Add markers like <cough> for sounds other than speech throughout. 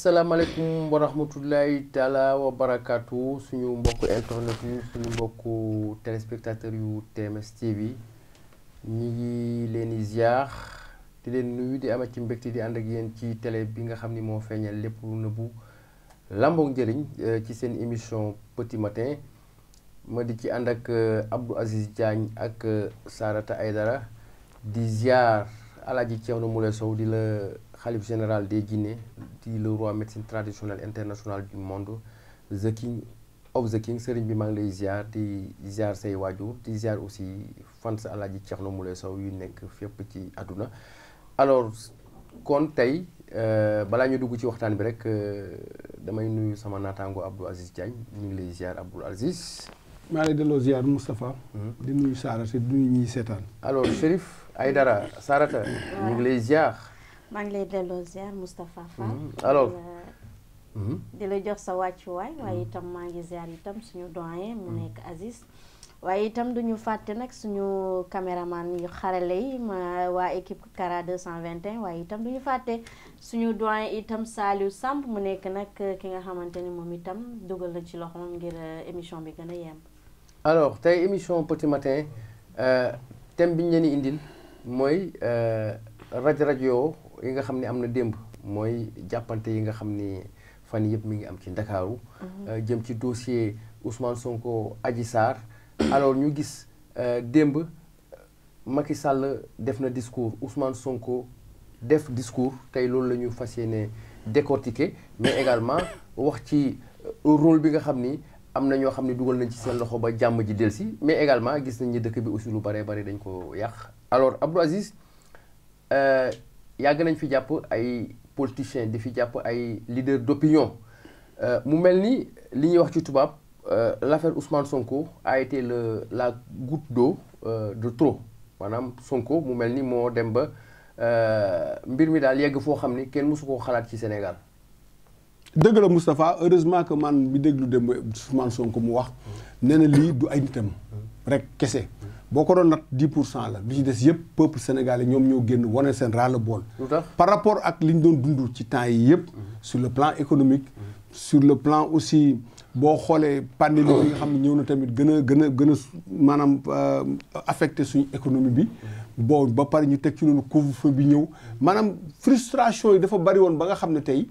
salaamaaleykum wa rahmatullahi taala wa suñu mbokku internet yi suñu mbokku téléspectateur yu TMS TV ñi ngi leen di ziar di leen nuyu di ama ci mbégte di ànd ak yéen ci télé bi nga xam ni moo feeñal lépp lu nëbbu làmboog njëriñ euh, ci seen émission petit matin ma di ci ànd ak euh, Abdou Aziz Diagne ak euh, Sarata Aydara di ziar Alaaji Ceerno Moule Sow di la xalif général des Guinée di le roi médecine traditionnelle internationale du monde the king of the king sëriñ bi maa ngi lay ziar di ziar say waajur di ziar aussi fan sa fans ceex Thierno Moule Sow yu nekk fépp ci àdduna alors kon tey euh, balaa ñu dugg ci waxtaan bi rek euh, damay nuyu sama naataango Abdou Aziz Diagne ñu ngi lay ziar Abdou Aziz. maa ngi delloo ziar Moustapha. Hmm. di nuyu Sarata di nuyu ñiy seetaan. alors Chérif Aïdara Sarata ñu ngi lay ziar. maa ngi lay delloo ziar Moustapha Fall. Mm-hmm. alors mm-hmm. di la jox sa wàccuwaay. Mm-hmm. waaye itam maa ngi ziar itam suñu doyen mu nekk Aziz. waaye itam duñu fàtte nag suñu caméraman yu xarale yi waa équipe Kara 221 waaye itam duñu fàtte suñu doyen itam Saliou Samb mu nekk nag ki nga xamante ni moom itam dugal na ci loxo loxoom ngir euh, émission bi gën a yem. alors tey émission petit matin euh, thème bi ñu leen di indil mooy raj euh, rajo. yi nga xam ne am na démb mooy jàppante yi nga xam ni fan yëpp mi ngi am ci Ndakaaru mhm. euh, jëm ci dossier Ousmane Sonko Adji Sarr alors ñu gis euh, démb euh, Macky Sall def na discours Ousmane Sonko def discours tey loolu la ñu fas yéene décortiquer mais également wax ci rôle bi nga xam ni am na ñoo xam ne dugal nañ ci seen loxo ba jàmm ji delsi mais également gis nañ ñi dëkk bi aussi lu bare bare dañ ko yàq alors Abdou Aziz yàgg nañ fi jàpp ay politiciens di fi jàpp ay leaders d'opinion euh, mu mel ni li ñuy wax ci tubaab euh, l'affaire Ousmane Sonko a été le la goutte d'eau euh, de trop maanaam Sonko mu mel ni moo dem ba mbir mi daal yegg foo xam ni kenn mësu koo xalaat ci senegal dëgg la Moustapha heureusement que man bi déglu dem Ousmane Sonko mu wax nee na lii du ay nitam rek kese. boo ko doon nat dix pour cent la li ci des yëpp peuple sénégalais ñoom ñoo génn wane seen ras-le-bol par rapport ak li ñu doon dund ci temps yi yëpp su le plan économique sur le plan aussi boo xoolee pandémie bi nga xam ne ñëw na tamit gën a gën a gën a maanaam euh, affecté suñu économie bi bon ba pare ñu teg ci noonu couvre-feu bi ñëw maanaam frustration yi dafa bari woon ba nga xam ne tey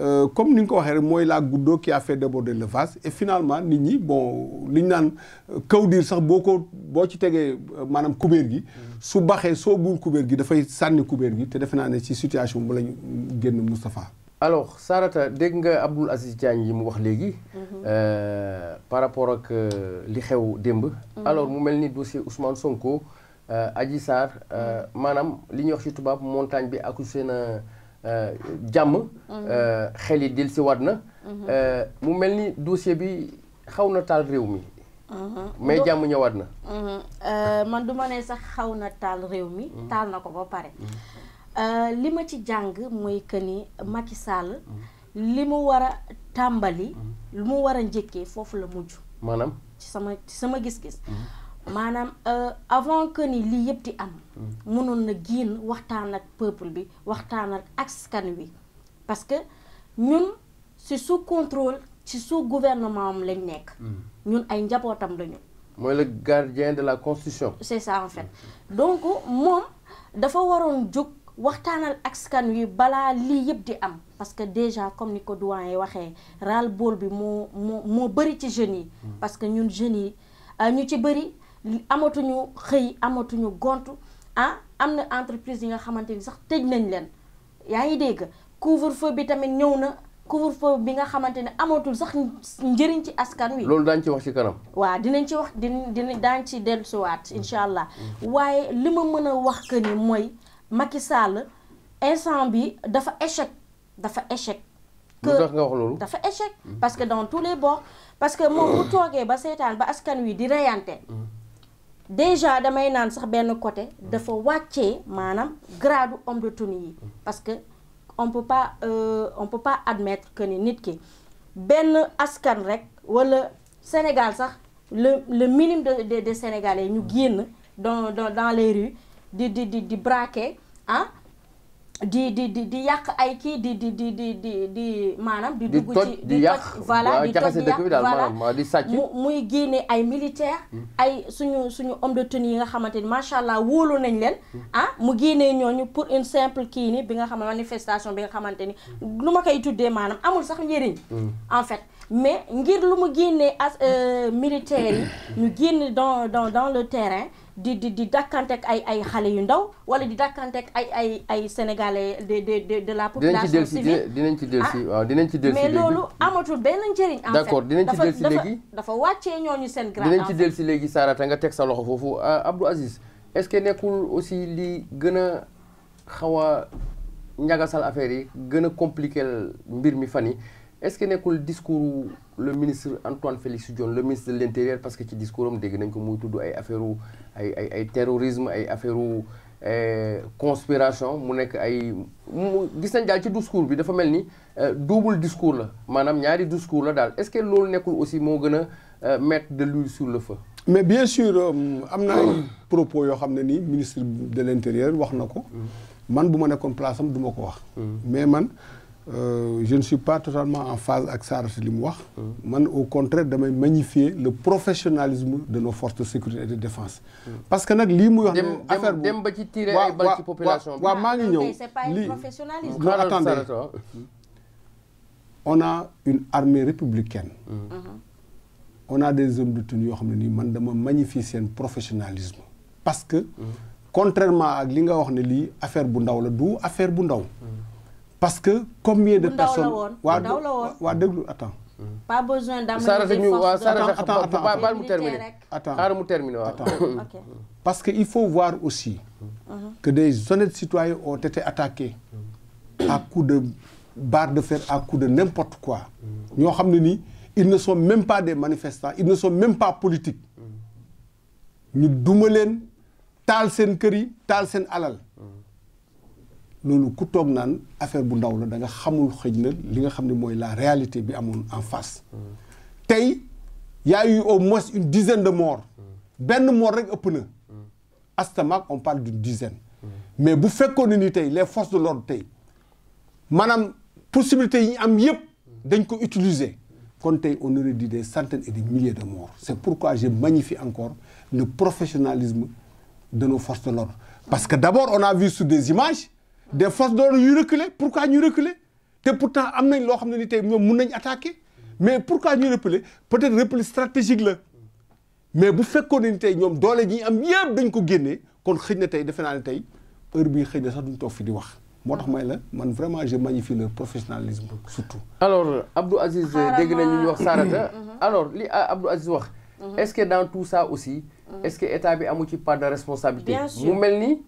Euh, comme ni nga ko waxee rek mooy laa goutte d'eau qui a fait déborder le vase et finalement nit ñi boo li ñu naan euh, kaw diir sax boo ko boo ci tegee euh, maanaam kubéer gi su baxee soo buul kubéer gi dafay sànni kubéer gi te defe naa ne ci situation bu lañu génn Moustapha alors Sarata dégg nga Abdoul Aziz Diagne yi mu wax léegi mhm. par rapport ak li xew démb mhm. alors mu mel ni dossier Ousmane Sonko Adji Sarr mhm. maanaam li ñuy wax ci tubaab montagne bi accusé na Euh, jàmm. Euh, xel yi dellusi waat na. Euh, mu mel ni dossier bi xaw na taal réew mi. Uh-huh. mais jàmm ñëwaat na. Uh-huh. man du ma ne sax xaw na taal réew mi. Uh-huh. taal na ko ba pare. li ma ci jàng mooy que ni Macky Sall. li mu war a tàmbali. lu mu war a njëkkee foofu la mujj. maanaam ci sama ci sama gis-gis. maanaam euh, avant que ni lii yëpp di am. mënoon na génn waxtaan ak peuple bi waxtaan ak askan wi parce que ñun si sous contrôle ci sous gouvernement am lañ nekk. ñun ay njabootam lañu. mooy le gardien de la constitution. c'est ça en fait donc moom dafa waroon jóg waxtaanal askan wi balaa lii yëpp di am parce que déjà comme ni ko doyen waxee ras le bi moo moo moo bëri ci jeunes yi. parce que ñun jeunes yi euh, ñu ci bëri. amatuñu xëy amatuñu gont ah am na entreprise yi nga xamante ni sax tëj nañ leen yaa ngi dégg couvre-feu bi tamit ñëw na couvre-feu bi nga xamante ne amatul sax njëriñ ci askan wi. loolu daañu ci wax ci kanam. waa dinañ ci wax dinañ dinañ daañu ci dellusiwaat mm-hmm. incha allah mm-hmm. waaye li ma mën a wax que ni mooy Macky Sall instant bi dafa échec dafa échec. kër tax dafa échec mm-hmm. parce que dans tous les bords parce que moom bu <coughs> toogee ba seetaan ba askan wi di reyante. déjà damay naan sax benn côté dafa wàccee maanaam grade homme de tenue yi parce que on peut pas euh, on peut pas admettre que ni nit ki benn askan rek walla Sénégal sax le le minimum de de, de Sénégalais ñu génn don dans dans les rues di di di di ah, di di di di yàq ay kii di di di di di di maanaam di dugg ci di yàq voilà di toj di yàq voilà mu muy génne ay militaire hmm. ay suñu suñu homme de tenue yi nga xamante ni macha allah wóolu nañ leen hmm. ah mu génne ñooñu pour une simple kii ni bi nga xam manifestation bi nga xamante ni hmm. lu ma koy tuddee maanaam amul sax njëriñ en fait mais ngir lu mu génnee as euh, militaires yi <coughs> ñu génn dans dans dans le terrain di di di dàkkanteeg ay xale yu ndaw wala di dàkkanteeg ay ay ay sénégalais de de de de la population civile ci dellu si ah, waaw dinañ ci dellu si mais loolu amatul benn njëriñ en fait d'accord dinañ ci dellu si léegi dafa wàccee ñooñu seen grade dinañ ci dellu si léegi Sarata nga teg sa loxo foofu ah, Abdou Aziz est-ce que nekkul aussi li gën a xaw a ñagasal affaire yi gën a compliquer mbir mi fan yi est-ce que nekkul discours le ministre Antoine Félix Diome le ministre de l'intérieur parce que ci discours am dégg nañ ko muy tudd ay affaire ay ay ay terrorisme ay affaire eh, conspiration mu nekk ay mu gis nañ daal ci discours bi dafa mel ni eh, double discours la maanaam ñaari discours la daal est-ce que loolu nekkul aussi moo gën a eh, mettre de l'huile sur le fa mais bien sûr euh, am na ay propos yoo xam ne nii ministre de l'intérieur wax na ko. Mm-hmm. man bu ma nekkoon place am du ko wax. Mm-hmm. man. Euh, je ne suis pas totalement en phase ak Saarata li mu wax. man au contraire damay magnifier le professionnalisme de nos forces de sécurité et de défence parce que nag lii muy wax. affaire bu ba ci tirer ay bal ci population maa ngi ñëw lii non attendez on a une armée républicaine. Mm-hmm. Uh-huh. on a des hommes yoo xam ne nii man dama magnifier seen professionnalisme. parce que mm-hmm. contrairement li nga wax ne lii affaire bu ndaw la du affaire bu ndaw. Mm-hmm. parce que combien de personnes waaw waaw déglu attends pas besoin d'amener parce que il faut voir aussi mhm. que des honnêtes citoyens ont été attaqués à coups de barre de fer à coups de n'importe quoi ñoo xam ne nii ils ne sont même pas des manifestants ils ne sont même pas politiques mhm. ñu duma leen taal seen kër yi taal seen alal mhm. loolu ku toog naan affaire bu ndaw la da nga xamul xëj na li nga xam ne mooy la réalité bi amoon en face. tey y a eu au moins une dizaine de morts. benn mort rek ëpp na. Astamak on parle d'une dizaine. mais bu fekkoon ne ni tey les forces de l'ordre tey maanaam possibilités yi ñu am yëpp dañ ko utiliser. kon tey on aurait dit des centaines et des milliers de morts c'est pourquoi je magnifie encore le professionnalisme de nos forces de l'ordre parce que d'abord on a vu des images. des forces de l'ordre yuy reculer pourquoi ñuy reculer te pourtant am nañ loo xam ne ni tey ñoom mun nañ attaquer mais pourquoi ñuy reculer peut-être repli stratégique la mais bu fekkoon ne ni tey ñoom doole ñi am yëpp dañ ko génnee kon xëy ne tey defe naa ne tey heure bii xëy na sax duñ toog fi di wax. moo tax may la man vraiment je magnifie leur professionnalisme surtout. alors Abdou Aziz dégg nañu ñu wax Sarata. Mm-hmm. Mm-hmm. alors li ah, Abdou Aziz wax. Mm-hmm. est-ce que dans tout ça aussi. est-ce que état bi amu ci part de responsabilité. mel ni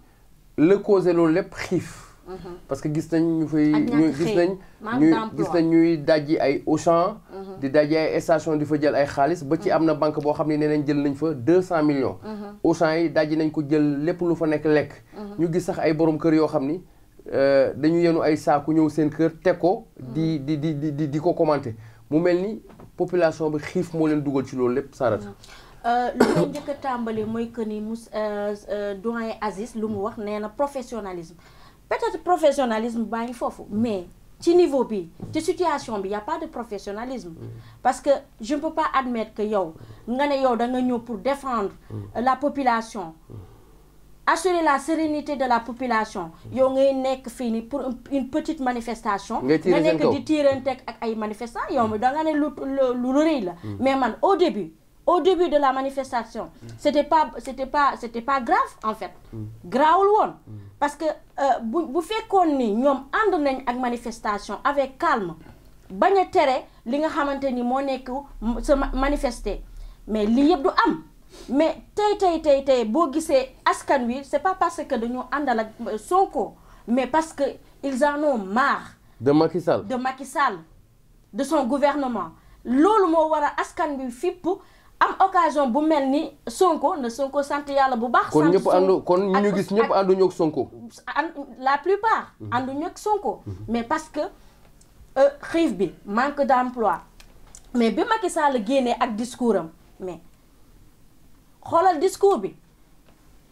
la loolu lépp xiif. Mm-hmm. parce que gis nañ ñu fay. ñu gis nañ ñuy dajj ay Auchan. Mm-hmm. di dajji ay station di fa jël ay xaalis ba ci mm-hmm. am na banque boo xam ne nee nañ jël nañ fa deux cent millions. Auchan yi dajji nañ ko jël lépp lu fa nekk lekk. ñu gis sax ay borom kër yoo xam ni euh, dañu yenu ay saaku ñëw seen kër teg ko. di di di di di ko commenter mu mel ni population bi xiif moo leen dugal ci loolu lépp sarata euh, lu may njëkk tàmbali mooy que ni mus euh, doyen Aziz lu mu wax nee na professionnalisme. peut-être professionnalisme baa ngi foofu mais ci niveau bi ci situation bi y' a pas de professionnalisme mm. parce que je ne peux pas admettre que yow nga ne yow da nga ñëw pour défendre mm. la population mm. assurer la sérénité de la population yow ngay nekk fii nii pour une petite manifestation nga nekk di tiiranteeg ak ay manifestants yow mi da nga ne lu lu rëy la mais man au début au début de la manifestation c'était pas c'était pas c'était pas grave en fait graawul woon parce que euh, bu bu fekkoon ni ñoom ànd nañ ak manifestation avec calme bañ a tere li nga xamante ni moo nekk sa manifester mais lii yëpp du am mais tey tey tey tey boo gisee askan wi c'est pas parce que dañoo àndal ak euh, Sonko mais parce que ils en ont marre. de Macky Sall Sall de son gouvernement loolu moo war a askan wi fipp am occasion bu mel ni Sonko na Sonko sant yàlla bu baax. sant ñëpp àndu ñu ñu gis ñëpp ànduñu ak Sonko. la plupart. Mhm. ànduñu ak Sonko. Mhm. mais parce que euh, xiif bi manque d'emploi mais bi Macky Sall génnee ak discours am mais xoolal discours bi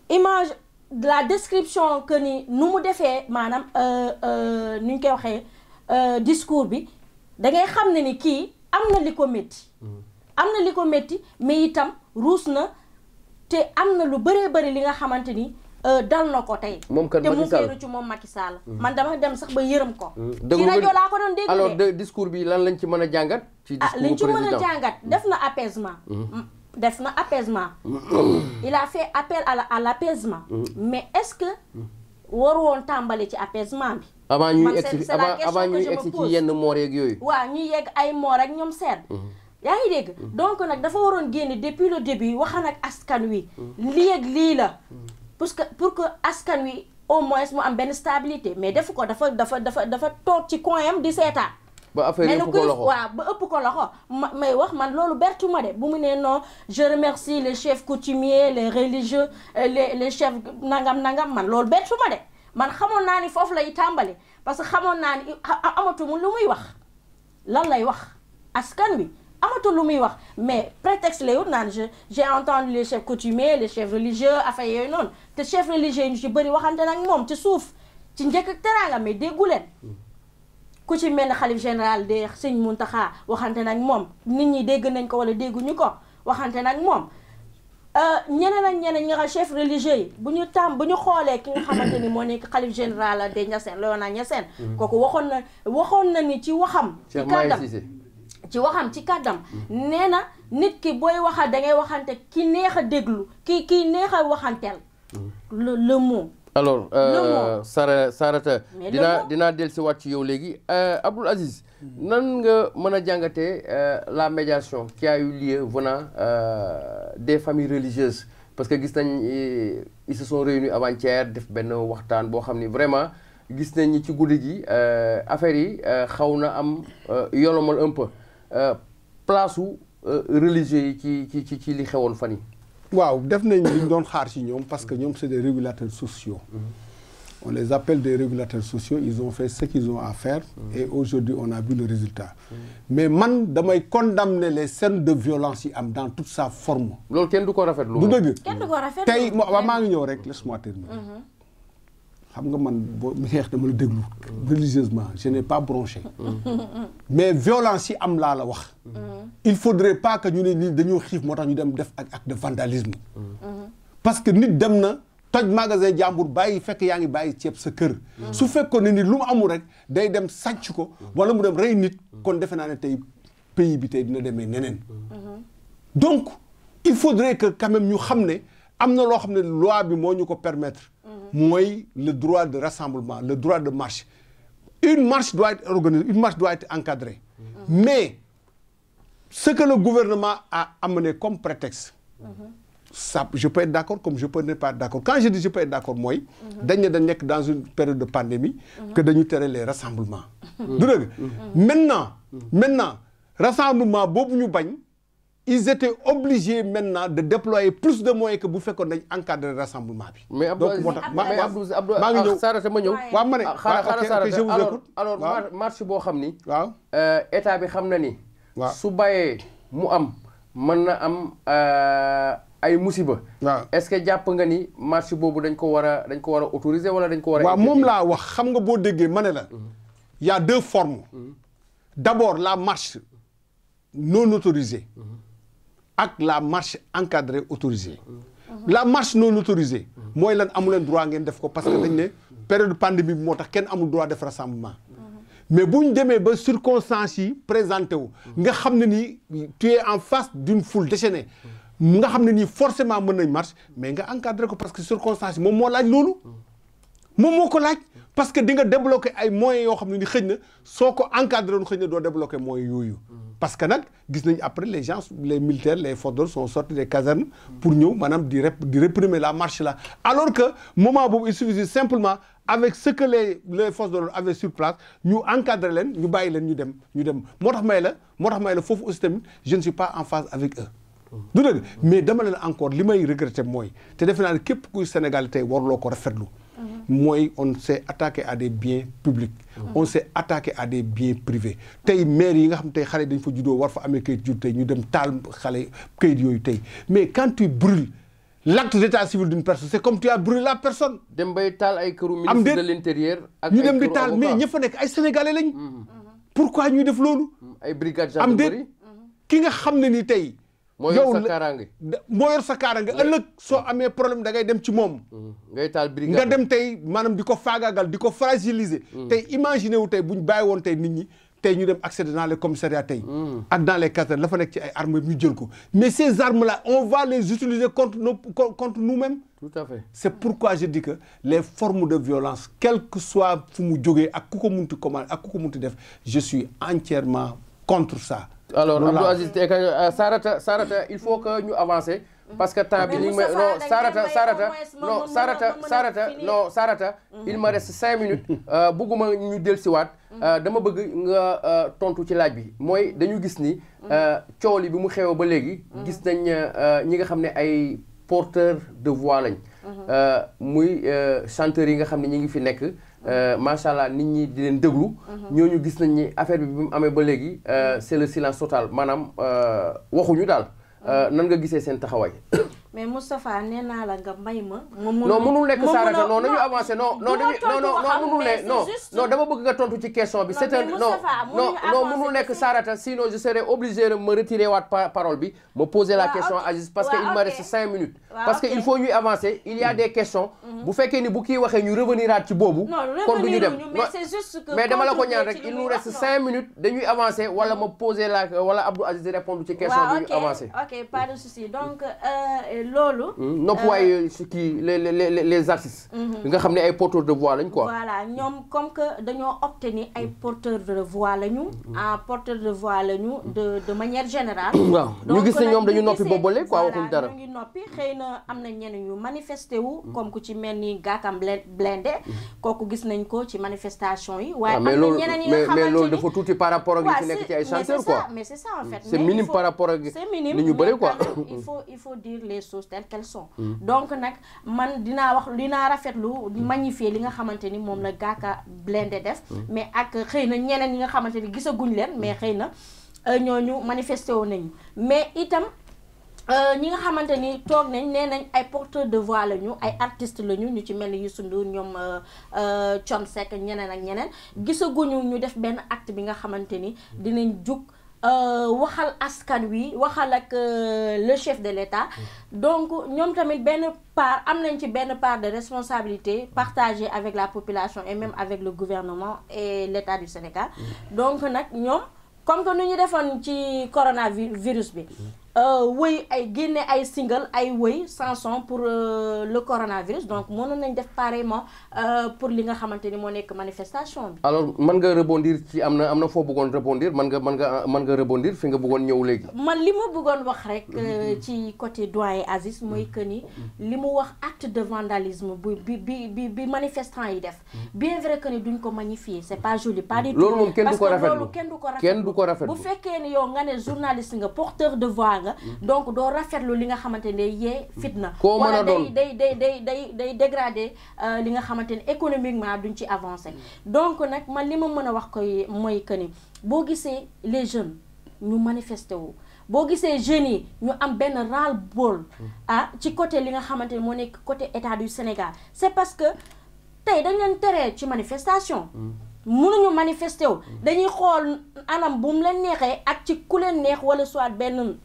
image de la description que ni nu mu defee maanaam euh, euh, nu ñu koy waxee discours bi da ngay xam ne ni kii am na li ko métti. Mhm. am na li ko métti mais itam ruus na te am na lu bëree bëri li nga xamante ni euh, dal na ko tey. moom kan Macky Sall te mu moom Macky Sall. Mm-hmm. man dama dem sax ba yërëm ko. dëgg mm-hmm. ci rajo laa ko doon dégg alors discours bi lan lañ ci mën a jàngat. ci ah, discours liñ ci mën a jàngat def na apaisement. Mm-hmm. Mm, def na apaisement. il a fait appel à la à apaisement. mais est ce que waru woon tàmbali ci apaisement bi. avant ñuy egg ci avant ñuy egg ci yenn moor yeeg yooyu. waaw ñuy yegg ay moor ak ñoom sedd yaa ngi dégg mm. donc nag dafa waroon génne depuis le début waxan ak askan wi mm. lii ak lii la mm. parce que pour que askan wi au moins mu am benn stabilité mais def ko dafa dafa dafa dafa toog ci coin di seetaan ba affaire yëpp ko waaw ba ëpp ko loxo ma may wax man loolu bertu ma de bu mu nee non je remercie les chefs coutumiers les religieux euh, les les nangam nangam man loolu bertu ma de man xamoon naa ni foofu lay tàmbali parce que xamoon naa ni amatu mu lu muy wax lan lay wax askan wi amatul lu muy wax mais prétexte la yow naan je j'ai entendu les chefs coutumiers les chefs religieux affaire yooyu noonu te chefs religieux yi ñu ci bëri waxante nag moom ci suuf ci njëkk ak teraanga mais déggu leen ku ci mel ne xalif général de sëñ Muntaxa waxante nag moom nit ñi dégg nañ ko wala dégguñu ko waxante nag moom euh, ñeneen ak ñeneen ñi nga chef religieux yi bu ñu tam bu ñu xoolee ki nga xamante ni moo nekk xalif général de Niassène Léona Niassène mm-hmm. kooku waxoon na waxoon na ci waxam ci ci waxam ci kàddam nee na nit ki booy waxa dangay waxante ki neex a déglu ki ki neex a waxanteel le le mot alors euh, Sara Sarata dinaa dinaa del si waat ci yow léegi euh, Abdoul Aziz nan nga mën a jàngatee euh, la médiation qui a eu lieu venant des familles religieuses parce que gis nañ ils se sont réunis avant-hier def benn waxtaan boo xam ni vraiment gis nañ ci guddi gi affaire yi xaw na am yolomal un peu Euh, place su euh, religieux yi ci ci ci ci li xewoon fan yi waaw def nañ li ñu doon xaar ci ñoom parce que ñoom c'est des régulateurs sociaux. Mhm. on les appelle des régulateurs sociaux ils ont fait ce qu'ils ont à faire. Mhm. et aujourd'hui on a vu le résultat. Mhm. mais man damay condamner les scènes de violence yi am dans toute sa forme. loolu kenn du ko rafetlu. du dëgg kenn du ko rafetlu maa ngi ñëw rek laisse-moi terminer. xam nga man boo neex dama la déglu religieusement je n'ai pas bronché mais violence yi am laa la wax il faudrait pas que ñu ne ni dañoo xiif moo tax ñu dem def ak de vandalisme parce que nit dem na toj magasin jàmbur bàyyi fekk yaa ngi bàyyi ceeb sa kër su fekkoon ne nit lu mu amul rek day dem sàcc ko wala mu dem rey nit kon defe naa ne tey pays bi tey dina demee neneen donc il faut de quand même ñu xam ne am na loo xam ne loi bi moo ñu ko permettre. mooy le droit de rassemblement le droit de marché une marche doit être une marche doit être mais ce gouvernement a amené comme prétexte. ça je peux être comme je peux ne pas être d' accord quand je dis je peux être mooy. dañ ne nekk dans une période de pandémie. que dañu tere les rassemblements. Mm-hmm. du dëgg mm-hmm. maintenant. maintenant rassemblement boobu ñu bañ. ils étaient obligés maintenant de déployer plus de moyens que bu fekkoon nañ encadrer rassemblement bi. mais Abdoulaye mais Abdou Abdou ah Sarata ma ñëw. waaw ma ne ah ok je vous écoute alors alors marche boo xam ni. waaw euh, état bi xam na ni. waaw su bàyyee mu am mën na am euh, ay musiba. waaw est-ce que jàpp nga ni marche boobu dañ ko war a dañ ko war a autoriser wala dañ ko war a. waaw moom laa wax xam nga boo déggee ma ne la. Mhm. y a deux formes. Mhm. d'abord la marche non autorisée. Mhm. ak la marche encadrée autorisée la marche noonu autoriser mooy lan amuleen leen droit ngeen def ko parce que dañ ne période pandémie bi moo tax kenn amul droit def rassemblement mais bu ñu demee ba circonstances yi présenté wu nga xam ne nii tu es en face d'une foule déchaînée nga xam ne nii forcément mën nañ marche mais nga encadré ko parce que circonstances yi moom moo laaj loolu moom moo ko laaj parce que di nga débloqué ay moyens yoo xam ne ni xëj na soo ko encadre nu xëj na doo débloqué moyens yooyu parce que nag gis nañ après les gens les militaires les forces de l'ordre sont sortis des casernes pour ñëw maanaam di rep di réprimer la marche la alors que moment boobu il suffisait simplement avec ce le les les forces de l'ordre avaient sur place ñu encadrer leen ñu bàyyi leen ñu dem ñu dem moo tax may la moo tax may la foofu aussi tamit je ne suis pas en phase avec eux du dëgg mais dama leen encore li may regretter mooy te defe naa ne képp kuy Sénégal tey warloo ko rafetlu mooy on s'est attaque à des biens publics mm-hmm. on s'est attaqué à des biens privés tey maire yi nga xam tey xale dañ fa juddoo war fa amee kayit jur tey ñu dem taal xale kayit yooyu tey mais quand tu brûles l'acte d'état civil d'une personne c'est comme tu la personne dem bay taal ay këru ministre de l'intérieur ak ñu dem di taal mais ña fa nekk ay sénégalais lañ mm-hmm. pourquoi ñuy def loolu mm-hmm. ay brigade am déet ki nga xam ne ni tey moo yow sa kaaraange moo yor sa kaaraange ëllëg soo amee problème da ngay dem ci moom. Mm-hmm. ngay taal brigade nga dem tey maanaam di ko faagaagal di ko fragiliser. Mm. tey imaginer wu tey bu ñu bàyyi woon tey nit ñi. tey ñu dem accéder dans les commissariats tey. Mm. ak dans les casernes la fa nekk ci ay armes ñu jël ko mais ces armes la on va les utiliser contre nos contre nous-mêmes. tout à fait c'est pourquoi je dis que les formes de violence quel que soit fu mu jógee ak ku ko munti commande ak ku ko munti def je suis entièrement contre alors Abdou Aziz euh, Sarata Sarata il faut que ñu avancer. Mhm. parce que temps bi li may non Sarata Sarata non Sarata Sarata non Sarata. il me reste cinq minutes. Euh, bëgguma ñu dellusiwaat. Mhm. Euh, dama bëgg nga tontu ci laaj bi mooy dañu gis ni. Mhm. coow li bi mu xewee ba léegi. gis nañ ñi nga xam ne ay porteur de voix lañ. muy chanteurs yi nga xam ne ñi ngi fi nekk. Euh, macha allah nit ñi di leen déglu. Mhm. ñooñu gis nañ ni affaire bi bi mu amee ba léegi euh, mhm. c'est le silence total maanaam euh, waxuñu daal. Mhm. nan nga gisee seen taxawaay. <coughs> mais Moustapha nee naa la nga may ma. ma mënul non mënul nekk Sarata non nañu avancé non. non non non mënul ne non non dama bëgg nga tontu ci question bi. c'est un non non non mënul nekk Sarata sinon je serais obligé de me retirer waat parole bi. ma poser la question à juste parce que il me reste cinq minutes. parce que il faut ñuy avancer il y a mm-hmm. des questions. Mm-hmm. bu fekkee ni bu kii waxee ñu reveniraat ci boobu. kon du ñu dem mais c'est juste que mais dama la ko ñaan rek il nous reste cinq minutes dañuy avancer wala ma mm-hmm. poser la wala Abdou Aziz répondre ci question bi ñu avancer. ok pas de souci donc euh, loolu. nopp waay euh, kii les les les artistes. nga xam ne ay porteurs de voix lañ quoi. voilà ñoom comme que dañoo opté ni ay porteurs de voix lañu. en ah, porteurs de voix lañu de de manière générale. waaw ñu gis na am na ñenn ñu manifesté wu. comme ku ci mel ni Gakam Blindé. kooku gis nañ ko ci manifestation yi. waaye ah, am na ñeneen yi nga xamante ni mais tuuti par rapport ak li fi nekk ci ay chanteurs quoi. mais c'est ça en fait c'est minime par rapport ak ni ñu bëri nag man dinaa wax dinaa rafetlu magnifier li nga xamante ni moom la Gaka Blindé def. mais ak xëy na ñeneen yi nga xamante ni gisaguñ leen mais xëy na euh, ñooñu manifesté wu nañu mais itam. Euh, ñi nga xamante ni toog nañ nee nañ ay porteur de voix la ñu ay artistes la ñu ñu ci mel ni Youssou Ndour ñoom euh, euh, Thione Seck ñeneen ak ñeneen gisaguñu ñu def benn act bi nga xamante ni dinañ jug waxal askan wi waxal ak le chef de l'État mm. donc ñoom tamit benn part am nañ ci benn part de responsabilité partagée avec la population et même avec le gouvernement et l'État du Sénégal mm. donc nag ñoom comme que nu ñu defoon ci coronavirus bi mm. Euh, wëy ay génne ay single ay woy wëy on pour euh, le coronavirus donc mënoon nañ def pareillement euh, pour li nga xamante ni moo nekk manifestation bi. alors mën nga rebondir ci am na am na foo bëggoon rebondir mën nga mën nga mën nga rebondir fi nga bëggoon ñëw léegi. man li ma bëggoon wax rek mm-hmm. ci côté doyen Aziz mooy mm-hmm. que ni mm-hmm. li mu wax acte de vandalisme bi bi bi bi manifestant yi def bien vrai que ni duñ ko magnifier c'est pas joli pas du tout. loolu moom kenn du ko rafetlu parce que loolu kenn du bu fekkee teraanga donc doo rafetlu li nga xamante ne day yee fitna koo mën a doon day day day day day dégradé euh, li nga xamante ne économiquement duñ ci avancé donc nag man li ma mën a wax koy mooy que ni boo gisee les jeunes ñu manifesté wu boo gisee jeunes yi ñu am benn ras le mm. ah ci côté li nga xamante ne moo nekk côté état du Sénégal c'est parce que tey dañ leen teree ci manifestation mm. mënuñu manifesté wu mm. dañuy xool anam bu mu leen neexee ak ci ku leen neex wala soit benn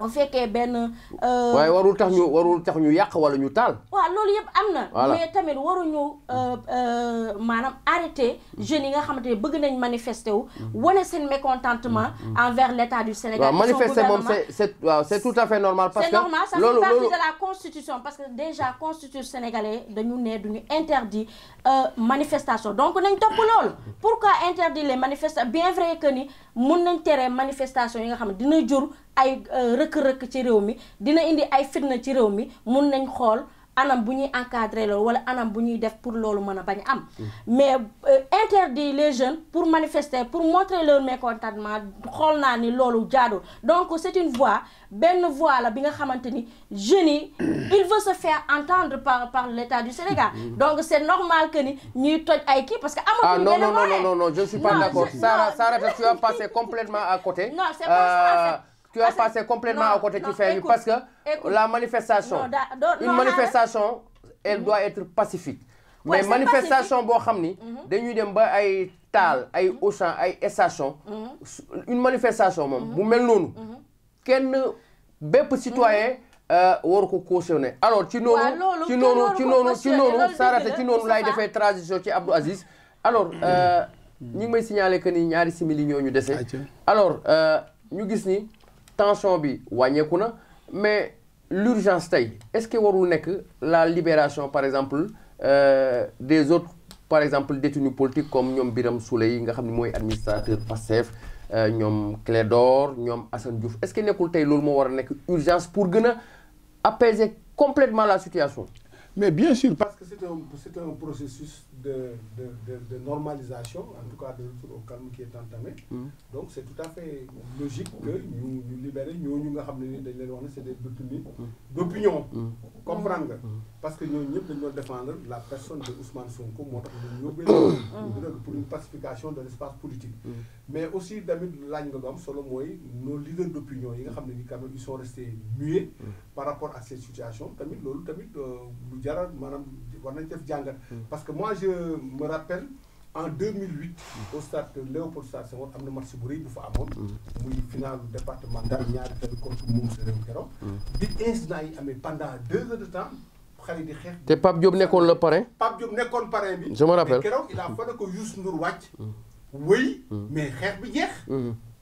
bu fekkee benn. Euh, waaye warul tax ñu warul tax ñu yàq wala ñu taal. waa loolu yëpp am na. mais tamit waruñu euh, euh, maanaam arrêté mm. jeune yi nga xamante ne bëgg nañ manifester wu. Mm. wane seen mécontentement. Mm. envers l' état du Sénégal. waaw manifester moom c' est c' est waaw tout à fait normal. parce que loolu loolu c' est normal ça fait partie de la déjà constitution sénégalaise dañu ne duñu interdit manifestation donc nañ topp loolu. pourquoi interdire les manifestations bien vrai que ni mun nañ tere manifestation yi nga xam ne dina jur. ay euh, rëkk-rëkk ci réew mi dina indi ay fitna ci réew mi mun nañ xool anam bu ñuy encadrer loolu wala anam bu ñuy def pour loolu mën a bañ am mm. mais euh, interdire les jeunes pour manifester pour montrer leur mécontentement xool naa ni loolu jaadul donc c'est une voie benn voie la bi nga xamante ni jeunes yi <coughs> il veut se faire entendre par par l'état du Sénégal mm. donc c'est normal que ni ñuy toj ay kii parce que ah, amatuñu benn moyen ah non non non non je suis pas d'accord Sarah Sarah tu as tu as passé complètement à côté ci fait bi parce que la manifestation une manifestation elle mhm. doit être pacifique mais manifestation boo xam ni mhm. dañuy dem ba ay taal ay mhm. Auchan ay station une manifestation moom bu mel noonu kenn bépp citoyen euh, waru ko cautionner alors ci noonu ci noonu ci noonu ci noonu sarata ci noonu laay defee transition ci Abdou Aziz alors euh, mm. ñu ngi may signaler que ni ñaari simili ñoo ñu dese alors euh, ñu gis ni tension bi wàññeeku na mais l'urgence tey est-ce que warul nekk la libération par exemple euh, des autres par exemple détenus politiques comme ñoom biram Souley yi nga xam ni mooy administrateur Pastef euh, ñoom Clédor ñoom Assane Diouf est-ce que nekkul tey loolu moo war a nekk urgence pour gën a apaiser completement la situation mais bien sûr parce que c'est un c'est processus de de normalisation en tout cas de retour au calme qui est entamé. Hmm. donc c'est tout à fait logique que ñu ñu libérer ñooñu nga xam ne ni dañ leen wax ne c'est des détenus hmm. d'opinion. Hmm. comprendre nga. parce que ñooñu ñëpp dañoo défendre la personne de Ousmane Sonko moo tax ñu yóbbee <coughs> pour une pacification de l'espace politique. mais aussi tamit laaj nga ko solo mooy nos leaders d'opinion yi nga xam ne ni quand même ils sont restés muets. par rapport tamit loolu tamit euh, jara maanaam war nañ def jànga hmm. parce que moi je ma rappelle en 2008. Hmm. au stade Léopold Sédar Senghor am na match bu rëy bu fa amoon. Hmm. muy final département Ndar ñaari tamit contre moom sa réew bi incident yi amee pendant deux heures de temps. xale di xeex te Pape Diop nekkoon la parrain. Pape Diop nekkoon parrain bi. je me rappelle keroog il a fallu que Youssou Ndour wàcc. wëy mais xeex bi jeex.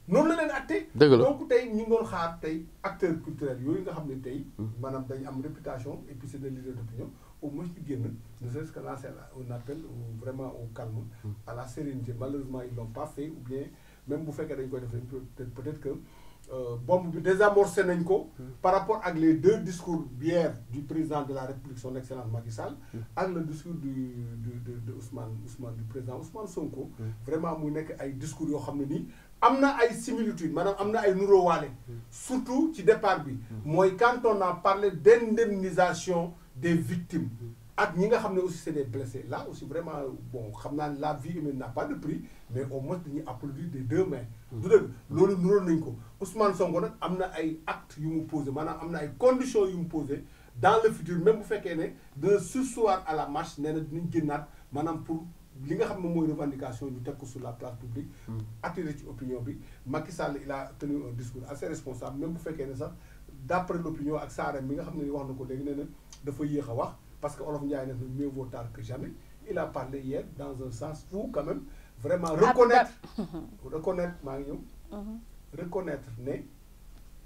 noonu la leen atte donc tey ñu ngi doon xaar tey acteur culturel yooyu nga xam ne tey maanaam dañ am réputation et puis c'est d'opinion au moins ñu génn ne serait-ce appel vraiment au calme à la sérénité malheureusement ils l'ont pas fait ou bien même bu fekkee dañ koy def peut-être que euh, bombe bi désamorcé nañ ko par rapport ak les deux discours d'hier du président de la République son excellence Macky Sall ak le discours du du de Ousmane Ousmane mm. vraiment mu nekk ay discours yoo xam ne nii am na ay similitudes maanaam am na ay nuróowaale surtout ci départ bi mooy quand on a parlé d'indemnisation des victimes ak ñi nga xam ne aussi c'est des là aussi vraiment bon xam naa la vie humaine n'a pas de prix mais au moins dañuy applaudir des deux mains hmm. du dëgg loolu nuróon nañ ko Ousmane Sonko nag am na ay actes yu mu posé maanaam am na ay conditions yu mu posé dans le futur même bu fekkee ne dina surseoir à la marche nee na dinañ génnaat maanaam pour li nga xam ne mooy revendication ñu teg ko sur la place publique. Hmm. attiré ci opinion bi Macky Sall il a tenu un discours assez responsable même bu fekkee ne sax d' après l' opinion ak saarem mi nga xam ne wax na ko léegi nee na dafa yéex a wax parce que olof Ndiaye nag mieux vaut tard que jamais il a parlé hier dans un sens où quand vraiment ah, reconnaître <laughs> reconnaître maa ngi ñëw mhm. reconnaître ne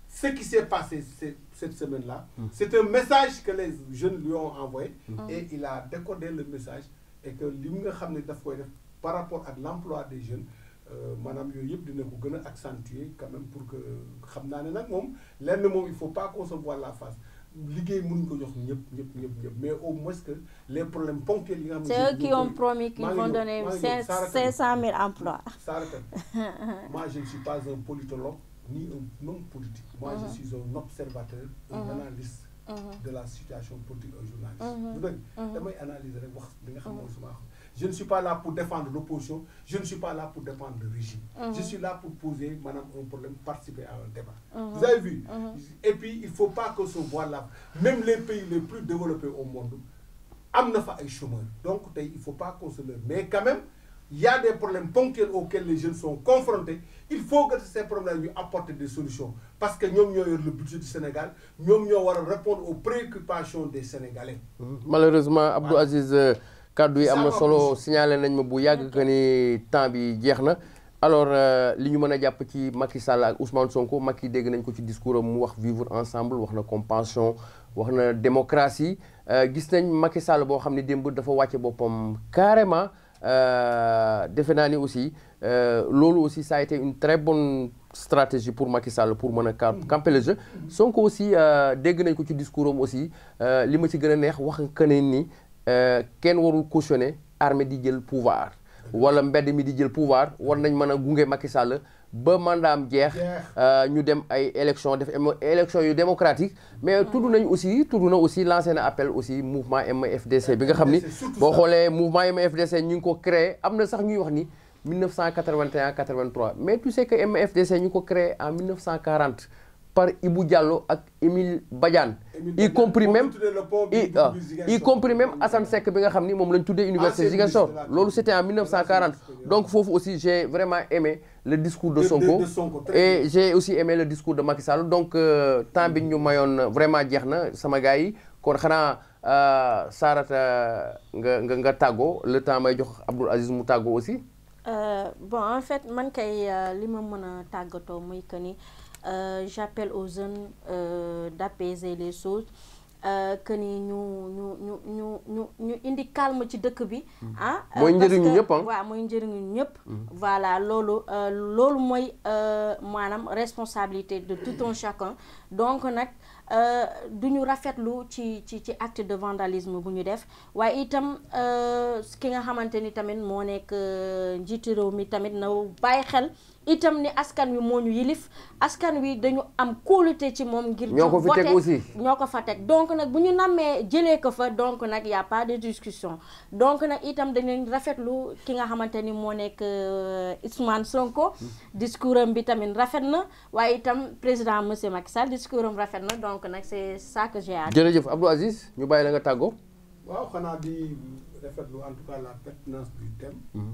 ce qui s'est passé cette semaine la hmm. c'est un message que les jeunes lui ont envoyé hmm. et il a message et que li nga xam ne daf koy def par rapport ak l' emploi des jeunes euh, maanaam yooyu yëpp dina ko gën a accentuer quand même pour que xam naa ne nag moom lenn moom il faut pas concevoir la face liggéey mun ko jox ñëpp ñëpp ñëpp ñëpp mais au mois que les problèmes ponctuels yi nga xam ne. c'est eux qui ont promis qu'ils vont donner cinq cent mille emplois. <laughs> moi je ne suis pas un politologue ni un homme politique. moi uh-huh. suis un observateur. un uh-huh. analyste. Mm-hmm. de la situation politique au journaliste du mm-hmm. mm-hmm. damay analyser rek wax nga xam mooy suma je ne suis pas là pour défendre l'opposition je ne suis pas là pour défendre le régime je suis là pour poser maanaam un problème participer à un débat vous avez vu et il faut pas que se voit là les pays les plus développés au monde am na fa ay chômeurs donc tey il faut pas qu'on mais quand il y a des problèmes ponctuels auxquels les jeunes sont confrontés il faut que ces problèmes ñu apporter des solutions parce que ñoom ñoo yor le budget du Sénégal ñoom ñoo war a répondre aux préoccupations des Sénégalais. malheureusement Abdou Aziz euh, kàddu yi am na solo signalé nañ ma bu yàgg que ni temps bi jeex na. alors euh, li ñu mën a jàpp ci Macky Sall ak Ousmane Sonko Macky dégg nañ ko ci discours am mu wax vivre ensemble wax na compassion wax na démocratie euh, gis nañ Macky Sall boo xam ne démb dafa wàcce boppam carrément. Euh, defe naa ni aussi euh, loolu aussi ça a été une très bonne stratégie pour Macky Sall pour mën a mm. camper le jeu Sonko aussi euh, dégg nañ ko ci discours am aussi li ma ci gën a neex wax nga ne ni kenn warul cautionner armée di jël pouvoir mm. wala mbedd mi di jël pouvoir war nañ mën a gunge Macky Sall ba mandaam jeex euh, ñu dem ay élection def élection yu démocratique mais mm. tudd nañ aussi tudd na aussi lancé na appel aussi mouvement MFDC bi nga xam ni boo xoolee mouvement MFDC ñu ngi ko créé am na sax ñuy wax ni 1981 83 mais tu sais que MFDC ñu ko créé en 1940 par Ibou Diallo ak Émile Badiane y compris même ah, y compris même Assane bi nga xam ni moom lañ tuddee université Ziguinchor loolu c'était en 1940 donc foofu aussi j'ai vraiment aimé le discours de Sonko et j'ai aussi aimé le discours de Macky Sall donc euh, temps bi ñu mayoon vraiment jeex na sama gars yi kon xanaa euh, Sarata euh, nga nga nga tàggoo le temps may jox Abdoul Aziz mu tàggoo aussi bon en fait man kay li ma mën a tàggatoo muy que ni Euh, j'appelle aux jeunes euh, d'apaiser sous choses euh, que ni ñu ñu ñu ñu ñu ñu indi calme ci dëkk bi mhm. ah, ah. mooy njëriñu ñëpp ah waaw njëriñu ñëpp voilà loolu loolu mooy maanaam responsabilité de tout un chacun donc nag du ñu rafetlu ci ci ci acte de vandalisme bu ñu def waaye itam ki nga xamante ni tamit moo nekk njiitu réew mi tamit na bàyyi xel itam ni askan wi moo ñu yilif askan wi dañu am kóolute ci moom. ngir ñoo ko aussi ñoo ko fa teg donc nag bu ñu nammee jëlee ko fa donc nag y' a pas de discussion donc nag itam dañu rafetlu ki nga xamante ni moo nekk euh, Ousmane Sonko. Hmm. discours am bi tamit rafet na waaye itam président monsieur Macky Sall discours rafet na donc nag c' est ça que j' ai à ñu bàyyi la nga tàggoo. waaw xanaa di rafetlu en tout cas la pertinence du thème. Hmm.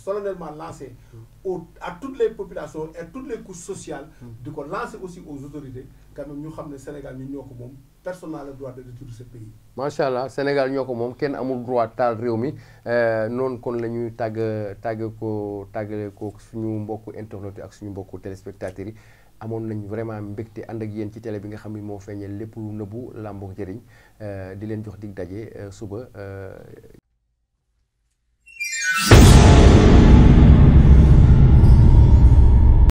solennellement lancé au à toutes les populations et toutes les couches sociales. di ko lancer aussi aux autorités quand même ñu xam ne Sénégal ñu ñoo ko moom personne n'a le droit de détruire pays. macha allah Sénégal ñoo ko moom kenn amul droit taal réew mi euh, noonu kon la ñuy tàgg tàgg ko tàggale ko suñu mbokku internet yi ak suñu mbokku téléspectateurs yi. amoon nañ vraiment mbégte ànd ak yéen ci télé bi nga xam ne moo feeñee lépp lu nëbbu làmbook njëriñ euh, di leen jox dig daje euh, suba